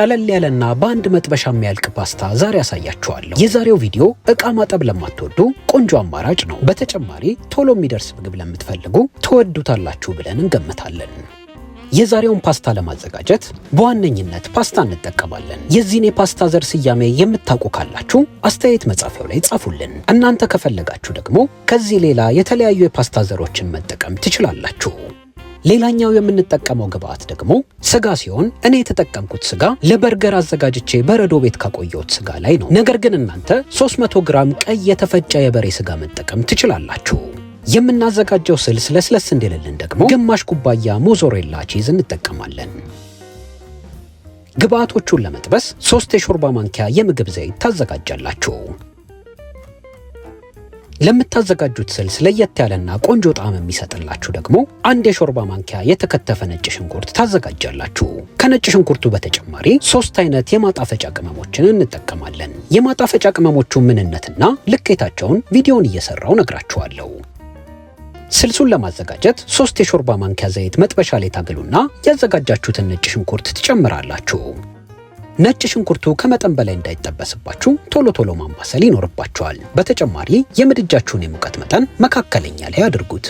ቀለል ያለና በአንድ መጥበሻ የሚያልቅ ፓስታ ዛሬ አሳያችኋለሁ። የዛሬው ቪዲዮ እቃ ማጠብ ለማትወዱ ቆንጆ አማራጭ ነው። በተጨማሪ ቶሎ የሚደርስ ምግብ ለምትፈልጉ ትወዱታላችሁ ብለን እንገምታለን። የዛሬውን ፓስታ ለማዘጋጀት በዋነኝነት ፓስታ እንጠቀማለን። የዚህን የፓስታ ዘር ስያሜ የምታውቁ ካላችሁ አስተያየት መጻፊያው ላይ ጻፉልን። እናንተ ከፈለጋችሁ ደግሞ ከዚህ ሌላ የተለያዩ የፓስታ ዘሮችን መጠቀም ትችላላችሁ። ሌላኛው የምንጠቀመው ግብአት ደግሞ ስጋ ሲሆን እኔ የተጠቀምኩት ስጋ ለበርገር አዘጋጅቼ በረዶ ቤት ካቆየሁት ስጋ ላይ ነው። ነገር ግን እናንተ 300 ግራም ቀይ የተፈጨ የበሬ ስጋ መጠቀም ትችላላችሁ። የምናዘጋጀው ስልስ ለስለስ እንዲልልን ደግሞ ግማሽ ኩባያ ሞዞሬላ ቺዝ እንጠቀማለን። ግብአቶቹን ለመጥበስ ሶስት የሾርባ ማንኪያ የምግብ ዘይት ታዘጋጃላችሁ። ለምታዘጋጁት ስልስ ለየት ያለና ቆንጆ ጣዕም የሚሰጥላችሁ ደግሞ አንድ የሾርባ ማንኪያ የተከተፈ ነጭ ሽንኩርት ታዘጋጃላችሁ። ከነጭ ሽንኩርቱ በተጨማሪ ሶስት አይነት የማጣፈጫ ቅመሞችን እንጠቀማለን። የማጣፈጫ ቅመሞቹ ምንነትና ልኬታቸውን ቪዲዮን እየሰራው ነግራችኋለሁ። ስልሱን ለማዘጋጀት ሶስት የሾርባ ማንኪያ ዘይት መጥበሻ ላይ ታግሉና ያዘጋጃችሁትን ነጭ ሽንኩርት ትጨምራላችሁ። ነጭ ሽንኩርቱ ከመጠን በላይ እንዳይጠበስባችሁ ቶሎ ቶሎ ማማሰል ይኖርባችኋል። በተጨማሪ የምድጃችሁን የሙቀት መጠን መካከለኛ ላይ አድርጉት።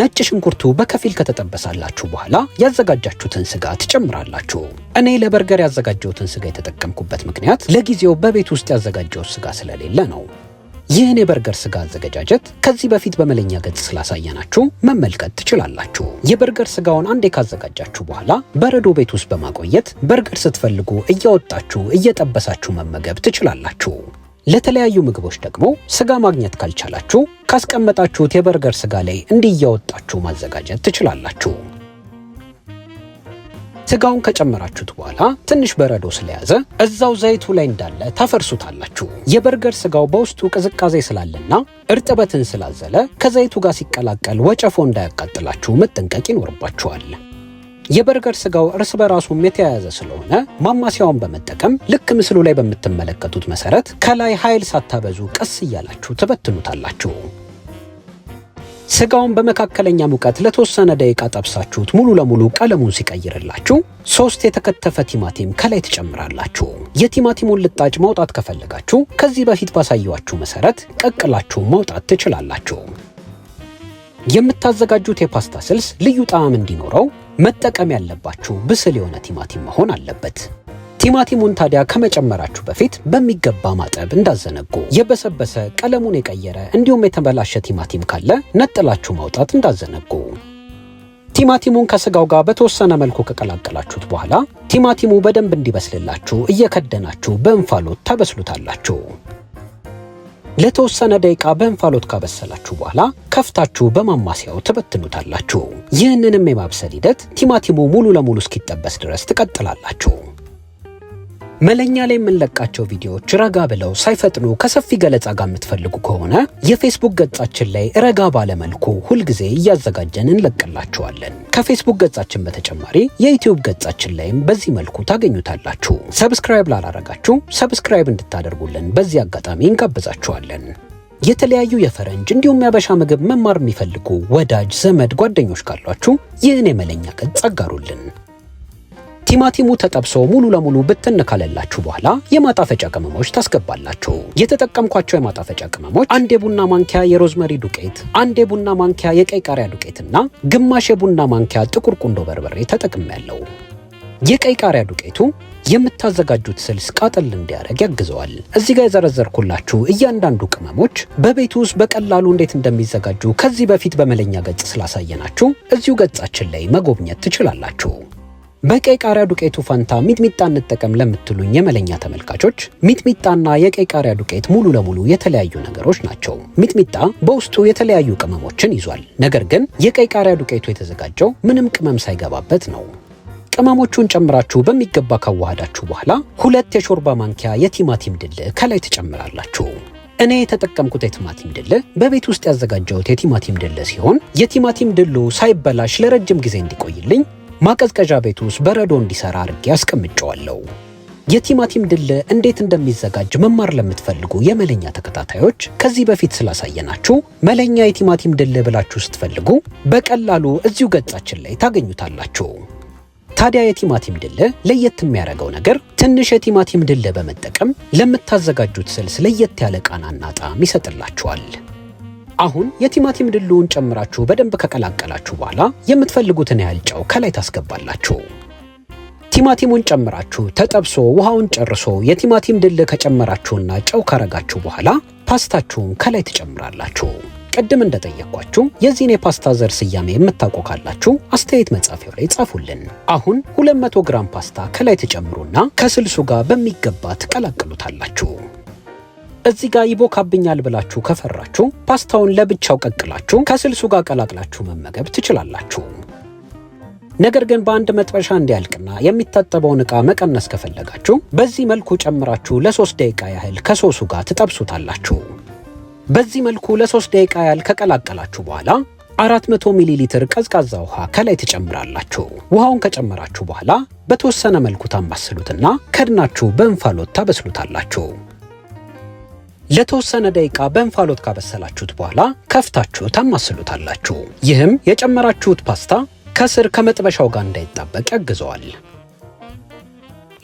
ነጭ ሽንኩርቱ በከፊል ከተጠበሳላችሁ በኋላ ያዘጋጃችሁትን ስጋ ትጨምራላችሁ። እኔ ለበርገር ያዘጋጀሁትን ስጋ የተጠቀምኩበት ምክንያት ለጊዜው በቤት ውስጥ ያዘጋጀሁት ስጋ ስለሌለ ነው። ይህን የበርገር ስጋ አዘገጃጀት ከዚህ በፊት በመለኛ ገጽ ስላሳየናችሁ መመልከት ትችላላችሁ። የበርገር ስጋውን አንዴ ካዘጋጃችሁ በኋላ በረዶ ቤት ውስጥ በማቆየት በርገር ስትፈልጉ እያወጣችሁ እየጠበሳችሁ መመገብ ትችላላችሁ። ለተለያዩ ምግቦች ደግሞ ስጋ ማግኘት ካልቻላችሁ ካስቀመጣችሁት የበርገር ስጋ ላይ እንዲህ እያወጣችሁ ማዘጋጀት ትችላላችሁ። ስጋውን ከጨመራችሁት በኋላ ትንሽ በረዶ ስለያዘ እዛው ዘይቱ ላይ እንዳለ ታፈርሱታላችሁ። የበርገር ስጋው በውስጡ ቅዝቃዜ ስላለና እርጥበትን ስላዘለ ከዘይቱ ጋር ሲቀላቀል ወጨፎ እንዳያቃጥላችሁ መጠንቀቅ ይኖርባችኋል። የበርገር ስጋው እርስ በራሱም የተያያዘ ስለሆነ ማማሲያውን በመጠቀም ልክ ምስሉ ላይ በምትመለከቱት መሰረት ከላይ ኃይል ሳታበዙ ቀስ እያላችሁ ትበትኑታላችሁ። ስጋውን በመካከለኛ ሙቀት ለተወሰነ ደቂቃ ጠብሳችሁት ሙሉ ለሙሉ ቀለሙን ሲቀይርላችሁ ሶስት የተከተፈ ቲማቲም ከላይ ትጨምራላችሁ። የቲማቲሙን ልጣጭ ማውጣት ከፈለጋችሁ ከዚህ በፊት ባሳየዋችሁ መሰረት ቀቅላችሁ ማውጣት ትችላላችሁ። የምታዘጋጁት የፓስታ ስልስ ልዩ ጣዕም እንዲኖረው መጠቀም ያለባችሁ ብስል የሆነ ቲማቲም መሆን አለበት። ቲማቲሙን ታዲያ ከመጨመራችሁ በፊት በሚገባ ማጠብ እንዳዘነጉ። የበሰበሰ ቀለሙን የቀየረ እንዲሁም የተበላሸ ቲማቲም ካለ ነጥላችሁ ማውጣት እንዳዘነጉ። ቲማቲሙን ከስጋው ጋር በተወሰነ መልኩ ከቀላቀላችሁት በኋላ ቲማቲሙ በደንብ እንዲበስልላችሁ እየከደናችሁ በእንፋሎት ታበስሉታላችሁ። ለተወሰነ ደቂቃ በእንፋሎት ካበሰላችሁ በኋላ ከፍታችሁ በማማሰያው ትበትኑታላችሁ። ይህንንም የማብሰል ሂደት ቲማቲሙ ሙሉ ለሙሉ እስኪጠበስ ድረስ ትቀጥላላችሁ። መለኛ ላይ የምንለቃቸው ቪዲዮዎች ረጋ ብለው ሳይፈጥኑ ከሰፊ ገለጻ ጋር የምትፈልጉ ከሆነ የፌስቡክ ገጻችን ላይ ረጋ ባለመልኩ ሁልጊዜ እያዘጋጀን እንለቅላችኋለን። ከፌስቡክ ገጻችን በተጨማሪ የዩትዩብ ገጻችን ላይም በዚህ መልኩ ታገኙታላችሁ። ሰብስክራይብ ላላረጋችሁ ሰብስክራይብ እንድታደርጉልን በዚህ አጋጣሚ እንጋብዛችኋለን። የተለያዩ የፈረንጅ እንዲሁም ያበሻ ምግብ መማር የሚፈልጉ ወዳጅ ዘመድ ጓደኞች ካሏችሁ ይህን የመለኛ ገጽ አጋሩልን። ቲማቲሙ ተጠብሶ ሙሉ ለሙሉ ብትን ካለላችሁ በኋላ የማጣፈጫ ቅመሞች ታስገባላችሁ። የተጠቀምኳቸው የማጣፈጫ ቅመሞች አንድ የቡና ማንኪያ የሮዝመሪ ዱቄት፣ አንድ የቡና ማንኪያ የቀይ ቃሪያ ዱቄትና ግማሽ የቡና ማንኪያ ጥቁር ቁንዶ በርበሬ ተጠቅሜያለሁ። የቀይ ቃሪያ ዱቄቱ የምታዘጋጁት ስልስ ቃጠል እንዲያደርግ ያግዘዋል። እዚህ ጋር የዘረዘርኩላችሁ እያንዳንዱ ቅመሞች በቤት ውስጥ በቀላሉ እንዴት እንደሚዘጋጁ ከዚህ በፊት በመለኛ ገጽ ስላሳየናችሁ እዚሁ ገጻችን ላይ መጎብኘት ትችላላችሁ። በቀይ ቃሪያ ዱቄቱ ፈንታ ሚጥሚጣ እንጠቀም ለምትሉኝ የመለኛ ተመልካቾች ሚጥሚጣና የቀይ ቃሪያ ዱቄት ሙሉ ለሙሉ የተለያዩ ነገሮች ናቸው። ሚጥሚጣ በውስጡ የተለያዩ ቅመሞችን ይዟል። ነገር ግን የቀይ ቃሪያ ዱቄቱ የተዘጋጀው ምንም ቅመም ሳይገባበት ነው። ቅመሞቹን ጨምራችሁ በሚገባ ካዋሃዳችሁ በኋላ ሁለት የሾርባ ማንኪያ የቲማቲም ድል ከላይ ትጨምራላችሁ። እኔ የተጠቀምኩት የቲማቲም ድል በቤት ውስጥ ያዘጋጀሁት የቲማቲም ድል ሲሆን የቲማቲም ድሉ ሳይበላሽ ለረጅም ጊዜ እንዲቆይልኝ ማቀዝቀዣ ቤት ውስጥ በረዶ እንዲሰራ አድርጌ አስቀምጨዋለሁ። የቲማቲም ድል እንዴት እንደሚዘጋጅ መማር ለምትፈልጉ የመለኛ ተከታታዮች ከዚህ በፊት ስላሳየናችሁ መለኛ የቲማቲም ድል ብላችሁ ስትፈልጉ በቀላሉ እዚሁ ገጻችን ላይ ታገኙታላችሁ። ታዲያ የቲማቲም ድል ለየት የሚያደርገው ነገር ትንሽ የቲማቲም ድል በመጠቀም ለምታዘጋጁት ስልስ ለየት ያለ ቃናና ጣዕም ይሰጥላችኋል። አሁን የቲማቲም ድልውን ጨምራችሁ በደንብ ከቀላቀላችሁ በኋላ የምትፈልጉትን ያህል ጨው ከላይ ታስገባላችሁ። ቲማቲሙን ጨምራችሁ ተጠብሶ ውሃውን ጨርሶ የቲማቲም ድል ከጨመራችሁና ጨው ካረጋችሁ በኋላ ፓስታችሁን ከላይ ትጨምራላችሁ። ቅድም እንደጠየቅኳችሁ የዚህን የፓስታ ዘር ስያሜ የምታውቁ ካላችሁ አስተያየት መጻፊያው ላይ ጻፉልን። አሁን 200 ግራም ፓስታ ከላይ ትጨምሩና ከስልሱ ጋር በሚገባ ትቀላቅሉታላችሁ። እዚህ ጋር ይቦካብኛል ብላችሁ ከፈራችሁ ፓስታውን ለብቻው ቀቅላችሁ ከስልሱ ጋር ቀላቅላችሁ መመገብ ትችላላችሁ። ነገር ግን በአንድ መጥበሻ እንዲያልቅና የሚታጠበውን ዕቃ መቀነስ ከፈለጋችሁ በዚህ መልኩ ጨምራችሁ ለሶስት ደቂቃ ያህል ከሶሱ ጋር ትጠብሱታላችሁ። በዚህ መልኩ ለሶስት ደቂቃ ያህል ከቀላቀላችሁ በኋላ 400 ሚሊ ሊትር ቀዝቃዛ ውሃ ከላይ ትጨምራላችሁ። ውሃውን ከጨመራችሁ በኋላ በተወሰነ መልኩ ታማስሉትና ከድናችሁ በእንፋሎት ታበስሉታላችሁ። ለተወሰነ ደቂቃ በእንፋሎት ካበሰላችሁት በኋላ ከፍታችሁ ታማስሉታላችሁ። ይህም የጨመራችሁት ፓስታ ከስር ከመጥበሻው ጋር እንዳይጣበቅ ያግዘዋል።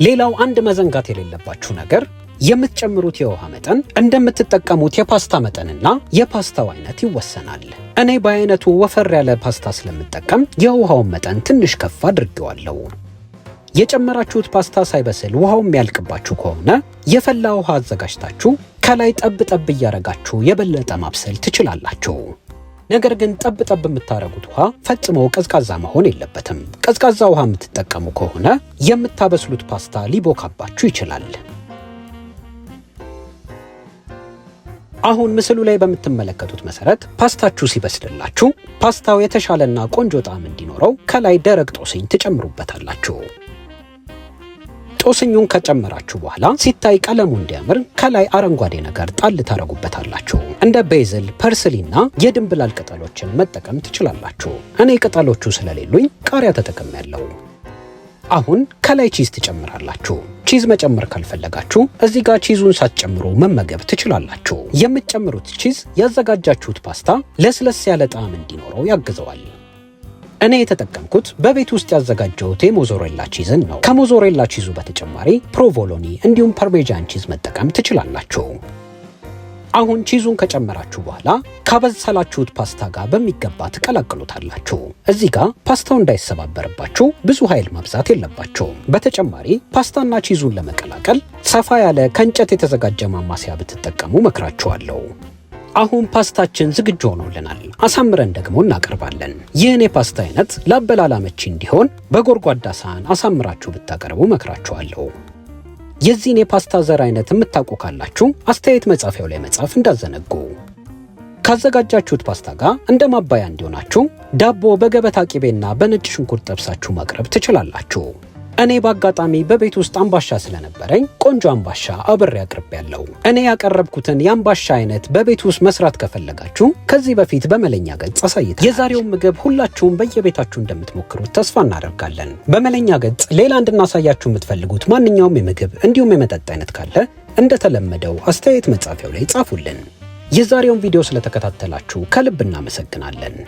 ሌላው አንድ መዘንጋት የሌለባችሁ ነገር የምትጨምሩት የውሃ መጠን እንደምትጠቀሙት የፓስታ መጠንና የፓስታው አይነት ይወሰናል። እኔ በአይነቱ ወፈር ያለ ፓስታ ስለምጠቀም የውሃውን መጠን ትንሽ ከፍ አድርጌዋለሁ። የጨመራችሁት ፓስታ ሳይበስል ውሃው የሚያልቅባችሁ ከሆነ የፈላ ውሃ አዘጋጅታችሁ ከላይ ጠብ ጠብ እያረጋችሁ የበለጠ ማብሰል ትችላላችሁ። ነገር ግን ጠብ ጠብ የምታደረጉት ውሃ ፈጽሞ ቀዝቃዛ መሆን የለበትም። ቀዝቃዛ ውሃ የምትጠቀሙ ከሆነ የምታበስሉት ፓስታ ሊቦካባችሁ ይችላል። አሁን ምስሉ ላይ በምትመለከቱት መሰረት ፓስታችሁ ሲበስልላችሁ ፓስታው የተሻለና ቆንጆ ጣዕም እንዲኖረው ከላይ ደረቅ ጦስኝ ትጨምሩበታላችሁ። ጦስኙን ከጨመራችሁ በኋላ ሲታይ ቀለሙ እንዲያምር ከላይ አረንጓዴ ነገር ጣል ታደረጉበታላችሁ። እንደ ቤዝል፣ ፐርስሊና የድንብላል ቅጠሎችን መጠቀም ትችላላችሁ። እኔ ቅጠሎቹ ስለሌሉኝ ቃሪያ ተጠቅም ያለው። አሁን ከላይ ቺዝ ትጨምራላችሁ። ቺዝ መጨመር ካልፈለጋችሁ እዚህ ጋር ቺዙን ሳትጨምሩ መመገብ ትችላላችሁ። የምትጨምሩት ቺዝ ያዘጋጃችሁት ፓስታ ለስለስ ያለ ጣዕም እንዲኖረው ያግዘዋል። እኔ የተጠቀምኩት በቤት ውስጥ ያዘጋጀሁት የሞዞሬላ ቺዝን ነው። ከሞዞሬላ ቺዙ በተጨማሪ ፕሮቮሎኒ እንዲሁም ፐርሜጃን ቺዝ መጠቀም ትችላላችሁ። አሁን ቺዙን ከጨመራችሁ በኋላ ካበሰላችሁት ፓስታ ጋር በሚገባ ትቀላቅሉታላችሁ። እዚህ ጋር ፓስታው እንዳይሰባበርባችሁ ብዙ ኃይል ማብዛት የለባችሁም። በተጨማሪ ፓስታና ቺዙን ለመቀላቀል ሰፋ ያለ ከእንጨት የተዘጋጀ ማማሰያ ብትጠቀሙ መክራችኋለሁ። አሁን ፓስታችን ዝግጁ ሆኖልናል። አሳምረን ደግሞ እናቀርባለን። ይህን የፓስታ አይነት ለአበላላ እንዲሆን በጎድጓዳ ሳህን አሳምራችሁ ብታቀርቡ መክራችኋለሁ። የዚህን የፓስታ ዘር አይነት የምታውቁ ካላችሁ አስተያየት መጻፊያው ላይ መጻፍ እንዳዘነጉ። ካዘጋጃችሁት ፓስታ ጋር እንደ ማባያ እንዲሆናችሁ ዳቦ በገበታ ቂቤና በነጭ ሽንኩርት ጠብሳችሁ ማቅረብ ትችላላችሁ። እኔ በአጋጣሚ በቤት ውስጥ አምባሻ ስለነበረኝ ቆንጆ አምባሻ አብሬ አቅርብ ያለው። እኔ ያቀረብኩትን የአምባሻ አይነት በቤት ውስጥ መስራት ከፈለጋችሁ ከዚህ በፊት በመለኛ ገጽ አሳይተናል። የዛሬውን ምግብ ሁላችሁም በየቤታችሁ እንደምትሞክሩት ተስፋ እናደርጋለን። በመለኛ ገጽ ሌላ እንድናሳያችሁ የምትፈልጉት ማንኛውም የምግብ እንዲሁም የመጠጥ አይነት ካለ እንደተለመደው አስተያየት መጻፊያው ላይ ጻፉልን። የዛሬውን ቪዲዮ ስለተከታተላችሁ ከልብ እናመሰግናለን።